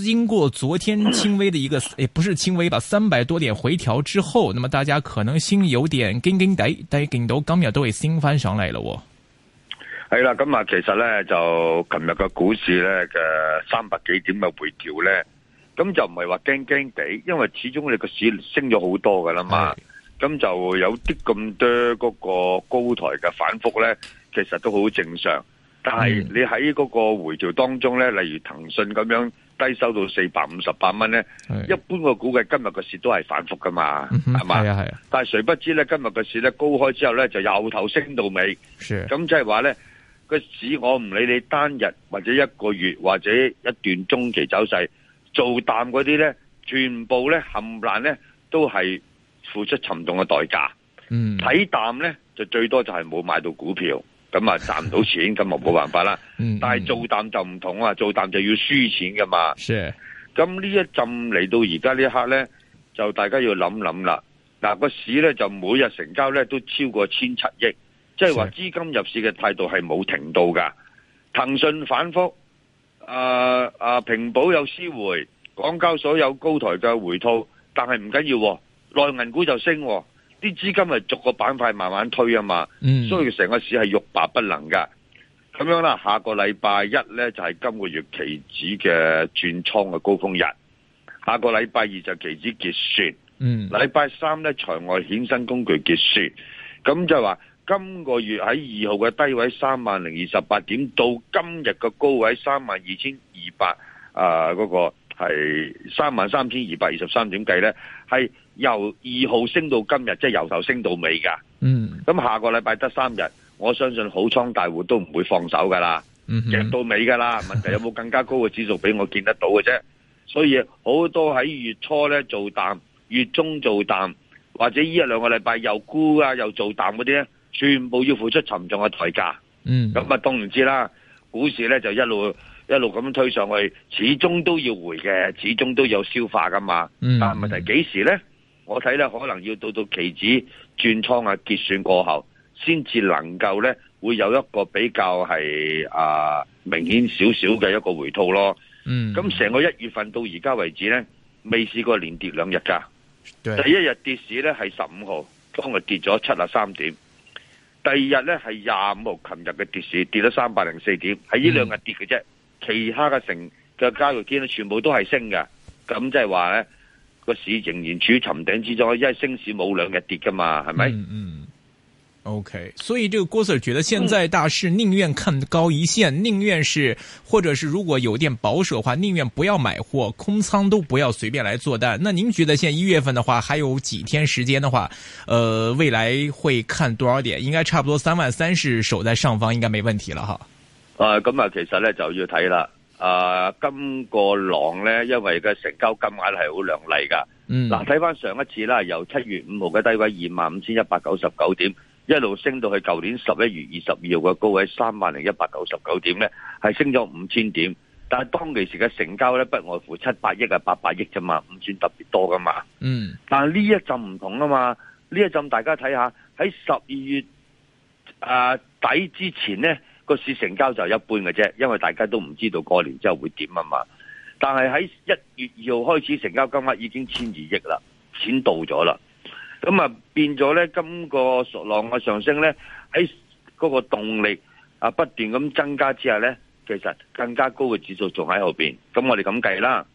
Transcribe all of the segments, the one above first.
經過昨天輕微嘅一個，誒、哎，不是輕微吧，三百多點回調之後，那麼大家可能心有點驚驚地，但係見到今日都會升翻上嚟咯。係啦，咁啊，其實咧就琴日嘅股市咧嘅三百幾點嘅回調咧，咁就唔係話驚驚地，因為始終你個市升咗好多噶啦嘛，咁的就有啲咁多嗰個高台嘅反復咧，其實都好正常。但係你喺嗰個回調當中咧，例如騰訊咁樣。低收到四百五十八蚊咧，是一般我估計今日個市都係反覆噶嘛，係嘛？係啊，係啊，但係誰不知咧，今日個市咧高開之後咧就由頭升到尾，咁即係話咧個市我唔理你單日或者一個月或者一段中期走勢做淡嗰啲咧，全部咧冚唥咧都係付出沉重嘅代價，嗯、睇淡咧就最多就係冇買到股票。咁啊賺唔到錢，咁我冇辦法啦。嗯嗯、但係做淡就唔同啊，做淡就要輸錢噶嘛。咁呢的一浸嚟到而家呢一刻呢，就大家要諗諗啦。嗱、那個市呢，就每日成交呢都超過千七億，即係話資金入市嘅態度係冇停到噶。騰訊的反復，啊、呃、啊、呃，平保有思回，港交所有高台嘅回吐，但係唔緊要，內銀股就升、啊。啲資金係逐個板塊慢慢推啊嘛，嗯、所以成個市係欲罷不能噶。咁樣啦，下個禮拜一咧就係、是、今個月期指嘅轉倉嘅高峰日，下個禮拜二就期指結算，禮拜、嗯、三咧場外衍生工具結算。咁就係話今個月喺二號嘅低位三萬零二十八點到今日嘅高位三萬二千二百呃、嗰個係三萬三千二百二十三點計咧係。由二號升到今日，即係由頭升到尾噶。嗯。咁下個禮拜得三日，我相信好倉大戶都唔會放手噶啦。嗯哼。到尾噶啦，問題有冇更加高嘅指數俾我見得到嘅啫？所以好多喺月初咧做淡，月中做淡，或者呢一兩個禮拜又沽啊又做淡嗰啲咧，全部要付出沉重嘅代價。嗯哼。咁啊，當然知啦，股市咧就一路一路咁推上去，始終都要回嘅，始終都有消化噶嘛。嗯。但係問題幾時咧？我睇咧，可能要到到期指轉倉啊，結算過後，先至能夠咧，會有一個比較係啊明顯少少嘅一個回吐咯。嗯，咁成個一月份到而家為止咧，未試過連跌兩日㗎。對第一日跌市咧係十五號，當日跌咗七啊三點。第二日咧係廿五號，琴日嘅跌市跌咗三百零四點，係呢兩日跌嘅啫。嗯、其他嘅成嘅交易天咧，全部都係升嘅。咁即係話咧。個市仍然處於沉頂之中，因為升市冇兩日跌噶嘛，係咪？嗯、嗯，OK，所以這個郭 Sir 覺得現在大市寧願看高一綫，寧願、嗯、是，或者是如果有點保守的話，寧願不要買貨，空倉都不要隨便來做單。那您覺得現在一月份的話，還有幾天時間的話，呃，未來會看多少點？應該差不多三萬三是守在上方，應該沒問題了哈。啊，咁啊，其實呢就要睇啦。誒，今個、呃、浪咧，因為嘅成交金額係好靚麗噶。嗱、嗯，睇翻上一次啦，由七月五號嘅低位二萬五千一百九十九點，一路升到去舊年十一月二十二號嘅高位三萬零一百九十九點咧，係升咗五千點。但係當其時嘅成交咧，不外乎七百億啊，八百億啫嘛，唔算特別多噶嘛。嗯。但係呢一陣唔同啊嘛，呢一陣大家睇下喺十二月、呃、底之前咧。個市成交就一般嘅啫，因為大家都唔知道過年之後會點啊嘛。但係喺一月二號開始成交金額已經千二億啦，錢到咗啦。咁啊變咗呢，今個浪嘅上升呢，喺嗰個動力啊不斷咁增加之下呢，其實更加高嘅指數仲喺後邊。咁我哋咁計啦，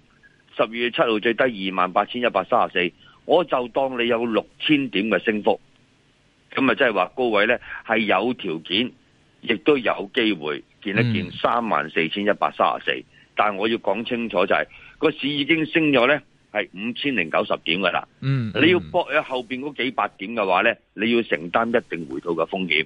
十二月七號最低二萬八千一百三十四，我就當你有六千點嘅升幅，咁啊即係話高位呢係有條件，亦都有機會見一見三萬四千一百三十四，但係我要講清楚就係、是、個市已經升咗咧，係五千零九十點噶啦。嗯，你要搏喺後邊嗰幾百點嘅話咧，你要承擔一定回吐嘅風險。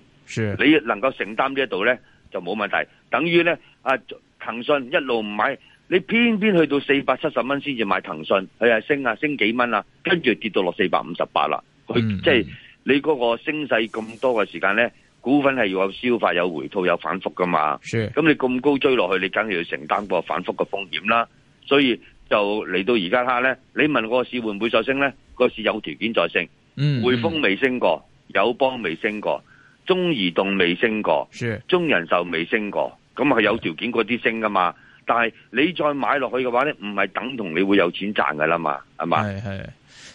你的你能夠承擔呢一度咧，就冇問題。等於咧，啊騰訊一路唔買，你偏偏去到四百七十蚊先至買騰訊，佢係升啊升幾蚊啊，跟住跌到落四百五十八啦。佢、嗯、即係你嗰個升勢咁多嘅時間咧。股份係要有消化、有回吐、有反覆噶嘛。咁是你咁高追落去，你梗係要承擔個反覆嘅風險啦。所以就嚟到而家下呢，你問個市會唔會再升呢？個市有條件再升。嗯、匯豐未升過，友邦未升過，中移動未升過，是中人壽未升過。咁係有條件嗰啲升噶嘛？但係你再買落去嘅話呢，唔係等同你會有錢賺噶啦嘛？係嘛？係。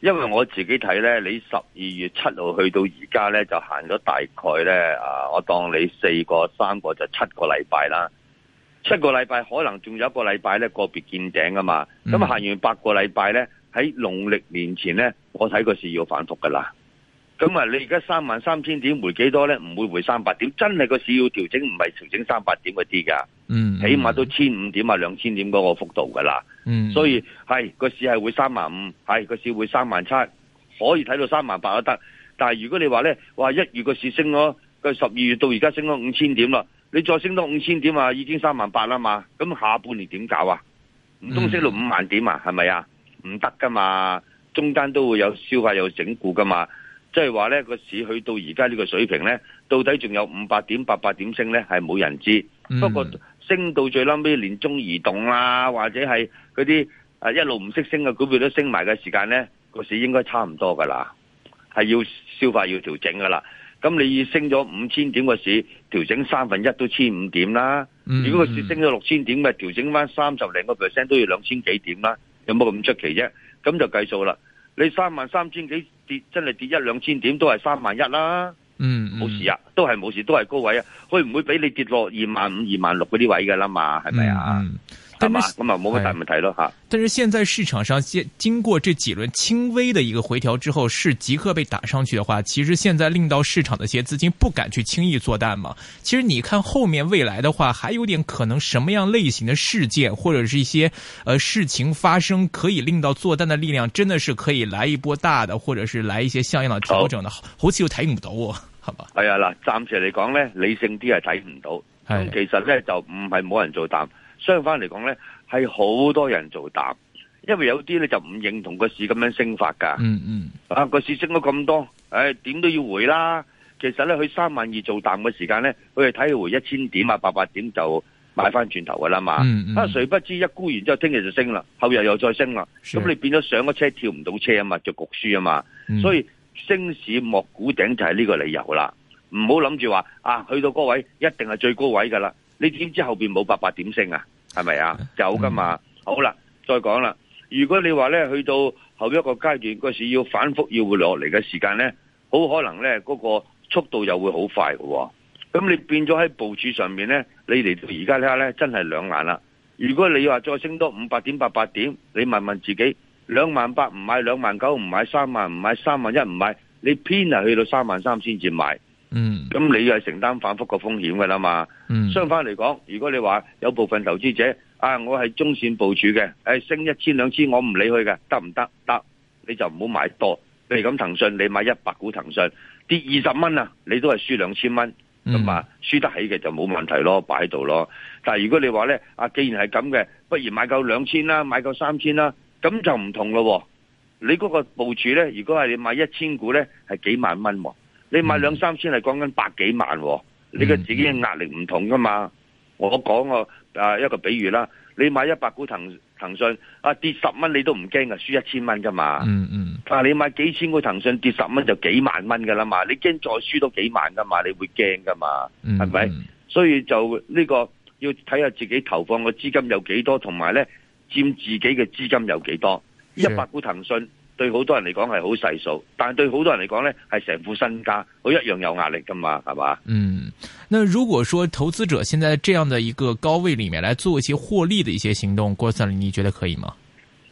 因為我自己睇咧，你十二月七號去到而家咧，就行咗大概咧啊，我當你四個三個就七個禮拜啦，七個禮拜可能仲有一個禮拜咧個別見頂啊嘛，咁行完八個禮拜咧，喺農曆年前咧，我睇個市要反覆㗎喇。咁啊！你而家三萬三千點回幾多咧？唔會回三百點，真係個市要調整，唔係調整三百點嗰啲㗎。嗯，起碼都千五點啊，兩千點嗰個幅度㗎啦。嗯，所以係個市係會三萬五，係個市會三萬七，可以睇到三萬八都得。但係如果你話咧，哇！一月個市升咗，佢十二月到而家升咗五千點啦，你再升到五千點啊，已經三萬八啦嘛。咁下半年點搞啊？唔通升到五萬點啊？係咪啊？唔得㗎嘛，中間都會有消化有整固㗎嘛。即係話咧個市去到而家呢個水平咧，到底仲有五百點、八百點升咧，係冇人知。不過升到最嬲尾，連中移動啊，或者係嗰啲誒一路唔識升嘅股票都升埋嘅時間咧，個市應該差唔多噶啦，係要消化要調整噶啦。咁你升咗五千點個市，調整三分一都千五點啦。嗯，嗯，如果個市升咗六千點咪，調整翻三十零個 percent 都要兩千幾點啦，有冇咁出奇啫？咁就計數啦。你三萬三千幾跌，真係跌一兩千點都係三萬一啦，嗯，嗯，冇事啊，都係冇事，都係高位啊，佢唔會俾你跌落二萬五、二萬六嗰啲位噶啦嘛，係咪啊？嗯，嗯。咁啊，冇乜大問題咯吓。是但是現在市場上，先經過這幾輪輕微的一個回調之後，是即刻被打上去的話，其實現在令到市場的一些資金不敢去輕易做單嘛。其實你看後面未來的話，還有點可能什麼樣類型的事件或者是一些呃事情發生，可以令到做單的力量真的是可以來一波大的，或者是來一些像樣的調整的。好似又睇唔到我，係咪？係啊，嗱，暫時嚟講呢，理性啲係睇唔到。係。其實呢，就唔係冇人做單。相反嚟講咧，係好多人做淡，因為有啲咧就唔認同個市咁樣升法噶、嗯。嗯嗯。啊，個市升咗咁多，誒、哎，點都要回啦。其實咧，佢三萬二做淡嘅時間咧，佢哋睇佢回一千點啊，八百點就買翻轉頭噶啦嘛。嗯，嗯啊，誰不知一沽完之後，聽日就升啦，後日又再升啦。咁是你變咗上咗車跳唔到車啊嘛，就焗輸啊嘛。嗯、所以升市莫估頂就係呢個理由啦。唔好諗住話啊，去到嗰位一定係最高位噶啦。你點知後邊冇八八點升啊？係咪啊？有噶嘛？好啦，再講啦。如果你話咧去到後一個階段個市要反覆要會落嚟嘅時間咧，好可能咧嗰、嗰個速度又會好快嘅、啊。咁你變咗喺部署上面咧，你嚟到而家睇下咧真係兩難啦。如果你話再升多五百點八八點，你問問自己，兩萬八唔買，兩萬九唔買，三萬唔買，三萬一唔買，你偏係去到三萬三先至買。嗯，咁你又係承擔反覆個風險噶啦嘛？嗯，相反嚟講，如果你話有部分投資者啊，我係中線部署嘅，誒升一千兩千我唔理佢嘅，得唔得？得，你就唔好買多。譬如咁騰訊，你買一百股騰訊跌二十蚊啊，你都係輸兩千蚊，咁啊、嗯，輸得起嘅就冇問題咯，擺喺度咯。但係如果你話咧，啊既然係咁嘅，不如買夠兩千啦、啊，買夠三千啦、啊，咁就唔同咯、啊。你嗰個部署咧，如果係你買一千股咧，係幾萬蚊喎、啊。你買兩三千係講緊百幾萬，哦，你嘅自己嘅壓力唔同噶嘛？嗯嗯，我講個一個比喻啦，你買一百股騰騰訊，啊跌十蚊你都唔驚噶，輸一千蚊噶嘛。嗯嗯。啊，嗯，你買幾千股騰訊跌十蚊就幾萬蚊噶啦嘛，你驚再輸多幾萬噶嘛，你會驚噶嘛？係咪，嗯？所以就呢，呢個要睇下自己投放嘅資金有幾多，同埋咧佔自己嘅資金有幾多？一百股騰訊。對好多人嚟講係好細數，但係對好多人嚟講呢係成副身家，佢一樣有壓力噶嘛，係嘛？嗯，那如果說投資者現在在這樣的一個高位裡面來做一些獲利的一些行動，郭生你覺得可以嗎？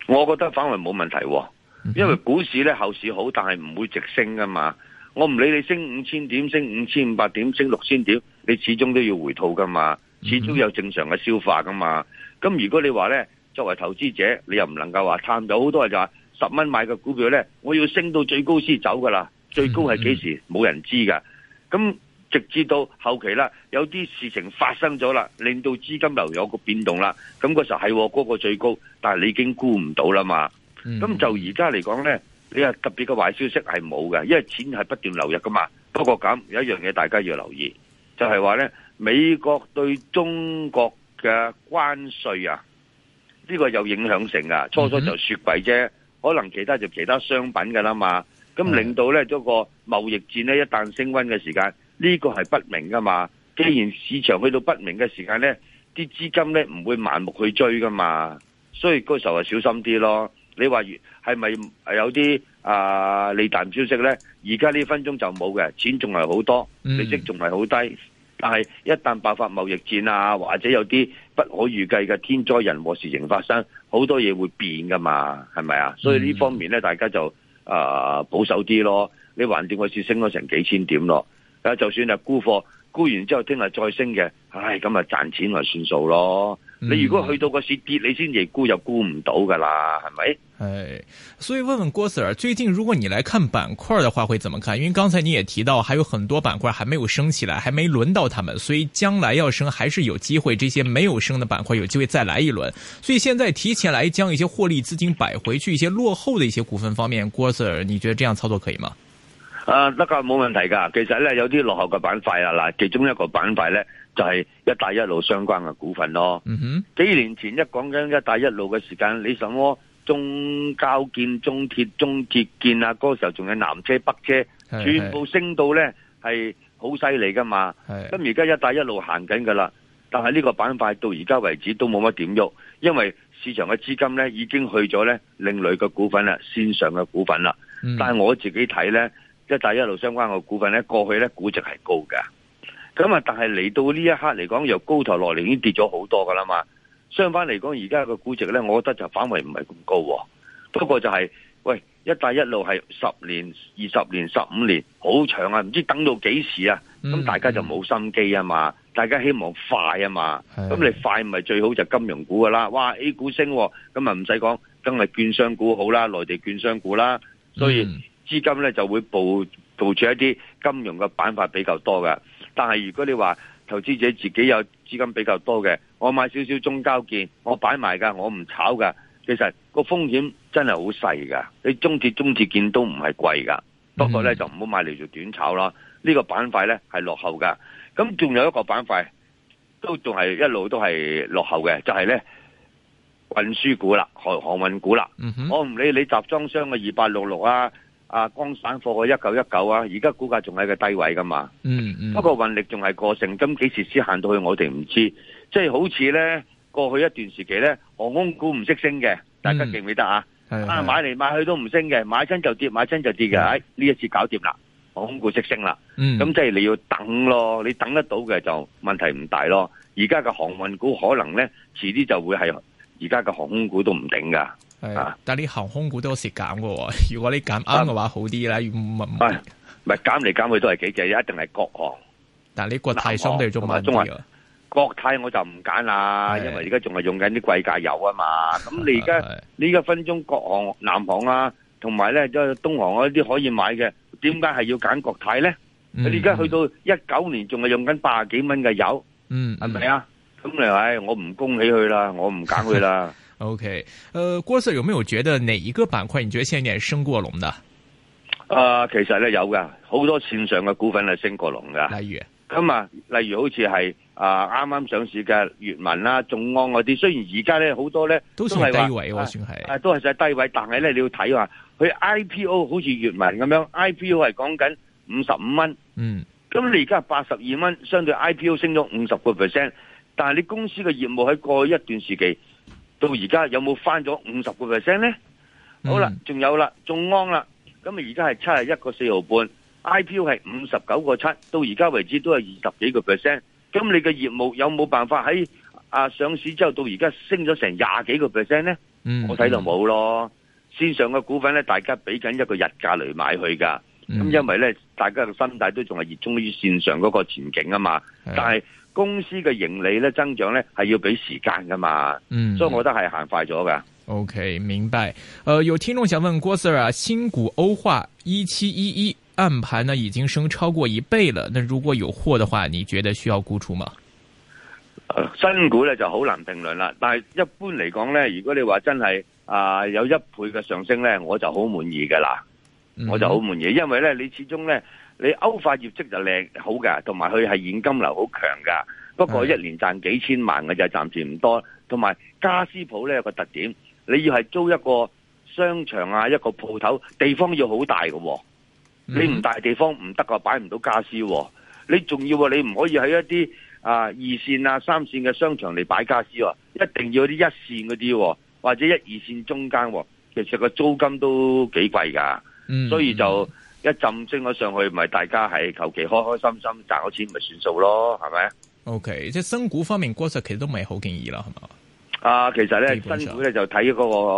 我覺得反而冇問題、哦，因為股市呢後市好，但係唔會直升噶嘛。我唔理你升五千點、升五千五百點、升六千點，你始終都要回吐噶嘛，始終有正常嘅消化噶嘛。咁、嗯嗯、如果你話呢，作為投資者，你又唔能夠話探到好多人就話，十蚊買嘅股票呢，我要升到最高先走噶啦，最高係幾時冇人知噶。咁直至到後期啦，有啲事情發生咗啦，令到資金流有個變動啦。咁嗰時候係嗰、那個最高，但係你已經估唔到啦嘛。咁就而家嚟講呢，你啊特別嘅壞消息係冇嘅，因為錢係不斷流入噶嘛。不過咁有一樣嘢大家要留意，就係、是、話呢美國對中國嘅關稅啊，呢、這個有影響性噶。初初就雪櫃啫。可能其他就其他商品㗎啦嘛，咁令到咧嗰、這個貿易戰咧一旦升温嘅時間，呢、這個係不明噶嘛。既然市場去到不明嘅時間咧，啲資金咧唔會盲目去追噶嘛，所以嗰時候係小心啲咯。你話係咪有啲啊利淡消息咧？而家呢分鐘就冇嘅，錢仲係好多，利息仲係好低。但係一旦爆發貿易戰啊，或者有啲不可預計嘅天災人禍事情發生，好多嘢會變噶嘛，係咪啊？所以呢方面咧，大家就啊、呃、保守啲咯。你橫掂個市升咗成幾千點咯，啊，就算係沽貨沽完之後聽日再升嘅，唉，咁啊賺錢咪算數咯。你如果去到個時跌，你先至估又估唔到噶啦，係咪？誒，所以問問郭 Sir，最近如果你來看板塊的話，會怎麼看？因為剛才你也提到，還有很多板塊還沒有升起來，還沒輪到他們，所以將來要升還是有機會。這些沒有升的板塊有機會再來一輪。所以現在提前來將一些獲利資金擺回去，一些落後的一些股份方面，郭 Sir，你覺得這樣操作可以嗎？呃、啊，得噶冇問題噶。其實呢，有啲落後嘅板塊啊，嗱，其中一個板塊呢。就係一帶一路相關嘅股份咯。Mm hmm. 幾年前一講緊一帶一路嘅時間，你什麼中交建、中鐵、中鐵建啊，嗰時候仲有南車、北車，全部升到呢係好犀利噶嘛。咁而家一帶一路行緊噶啦，但係呢個板塊到而家為止都冇乜點喐，因為市場嘅資金呢已經去咗呢另類嘅股份啦、線上嘅股份啦。Mm hmm. 但係我自己睇呢，一帶一路相關嘅股份呢，過去呢估值係高嘅。咁啊！但係嚟到呢一刻嚟講，由高頭落嚟已經跌咗好多噶啦嘛。相反嚟講，而家個估值咧，我覺得就反為唔係咁高、啊。不過就係、是，喂，一帶一路係十年、二十年、十五年，好長啊！唔知等到幾時啊？咁、嗯、大家就冇心機啊嘛，嗯、大家希望快啊嘛。咁、嗯、你快咪最好就是、金融股噶啦。哇，A 股升、啊，咁啊唔使講，梗係券商股好啦，內地券商股啦。所以資金咧就會部部署一啲金融嘅板塊比較多噶。但係如果你話投資者自己有資金比較多嘅，我買少少中交建，我擺埋噶，我唔炒噶。其實個風險真係好細噶，你中鐵中鐵建都唔係貴噶，多多不過咧就唔好買嚟做短炒啦。呢、這個板塊咧係落後噶，咁仲有一個板塊都仲係一路都係落後嘅，就係、是、咧運輸股啦、航航運股啦。嗯、哼我唔理你集裝箱嘅二八六六啊。啊，光散貨一九一九啊，而家股價仲喺個低位噶嘛？嗯嗯，嗯，不過運力仲係過剩，咁幾時先行到去我哋唔知，即、就、係、是、好似咧過去一段時期咧航空股唔識升嘅，嗯、大家記唔記得、嗯、啊？啊，買嚟買去都唔升嘅，買親就跌，買親就跌嘅，喺呢、嗯哎、一次搞掂啦，航空股識升啦，咁即係你要等咯，你等得到嘅就問題唔大咯。而家嘅航運股可能咧遲啲就會係而家嘅航空股都唔頂噶。係，但係啲航空股都有時減嘅。如果你減啱嘅話，好啲啦。唔係唔係，減嚟減去都係幾隻，一定係國航。但係啲國泰相對仲買，中國國泰我就唔揀啦，因為而家仲係用緊啲貴價油啊嘛。咁你而家呢一分鐘國航、南航啊，同埋咧即係東航嗰啲可以買嘅，點解係要揀國泰咧？你而家去到一九年，仲係用緊八十幾蚊嘅油。嗯，係咪啊？咁你話我唔供佢啦，我唔揀佢啦。O、okay. K，呃，郭 Sir，有冇有覺得哪一個板塊？你覺得現在升過龍的？誒、呃，其實咧有噶，好多線上嘅股份係升過龍噶，例如咁啊，例如好似係啊，啱、呃、啱上市嘅閱文啦，眾安嗰啲。雖然而家咧好多咧都係低位，算係、啊、都係在低位，但係咧你要睇下佢 I P O 好似閱文咁樣，I P O 係講緊五十五蚊，嗯，咁你而家八十二蚊，相對 I P O 升咗五十個 percent，但係你公司嘅業務喺過去一段時期。到而家有冇翻咗五十個 percent 咧？好啦，仲有啦，眾安啦，咁啊而家係七啊一個四毫半，I P O 係五十九個七，到而家為止都係二十幾個 percent。咁你嘅業務有冇辦法喺啊上市之後到而家升咗成廿幾個 percent 咧？呢嗯、我睇到冇咯。綫上嘅股份咧，大家畀緊一個日價嚟買佢噶。咁、嗯、因為咧，大家嘅心態都仲係熱衷於綫上嗰個前景啊嘛。的但係公司嘅盈利咧增長咧係要俾時間噶嘛，嗯，所以我都係行快咗噶。OK，明白。誒、呃，有聽眾想問郭 Sir 啊，新股歐化一七一一暗盤呢已經升超過一倍了，那如果有貨的話，你覺得需要沽出嗎？新股咧就好難評論啦，但係一般嚟講咧，如果你話真係啊、呃、有一倍嘅上升咧，我就好滿意噶啦，嗯、我就好滿意，因為咧你始終咧。你歐化業績就靚好㗎，同埋佢係現金流好強㗎。不過一年賺幾千萬嘅就暫時唔多。同埋家私鋪咧有個特點，你要係租一個商場啊一個鋪頭，地方要好大嘅、哦。你唔大地方唔得啊，擺唔到家私、喎。你仲要喎、啊，你唔可以喺一啲啊二線啊三線嘅商場嚟擺家私喎、哦，一定要啲一線嗰啲、喎，或者一、二線中間、哦。其實個租金都幾貴㗎，所以就。嗯嗯嗯一浸升咗上去，咪大家係求其開開心心賺咗錢咪算數咯，係咪？OK，即係新股方面，郭叔其實都唔係好建議啦，係嘛？啊，其實咧新股咧就睇嗰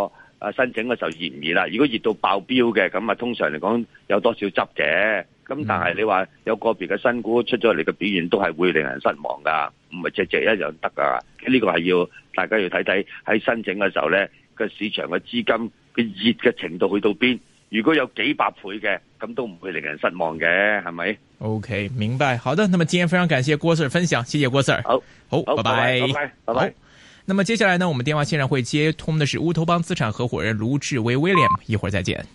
個啊申請嘅時候熱唔熱啦。如果熱到爆標嘅，咁啊通常嚟講有多少執嘅。咁但係你話有個別嘅新股出咗嚟嘅表現，都係會令人失望噶，唔係只只一樣得噶。呢個係要大家要睇睇喺申請嘅時候咧，個市場嘅資金佢熱嘅程度去到邊。如果有幾百倍嘅，咁都唔會令人失望嘅，係咪？OK，明白，好的。那麼今天非常感謝郭 Sir 分享，謝謝郭 Sir。好，好，拜拜。好，拜拜 bye bye，拜拜。好，那麼接下來呢，我們電話線上會接通的是烏托邦資產合伙人盧志威 William，一會兒再見。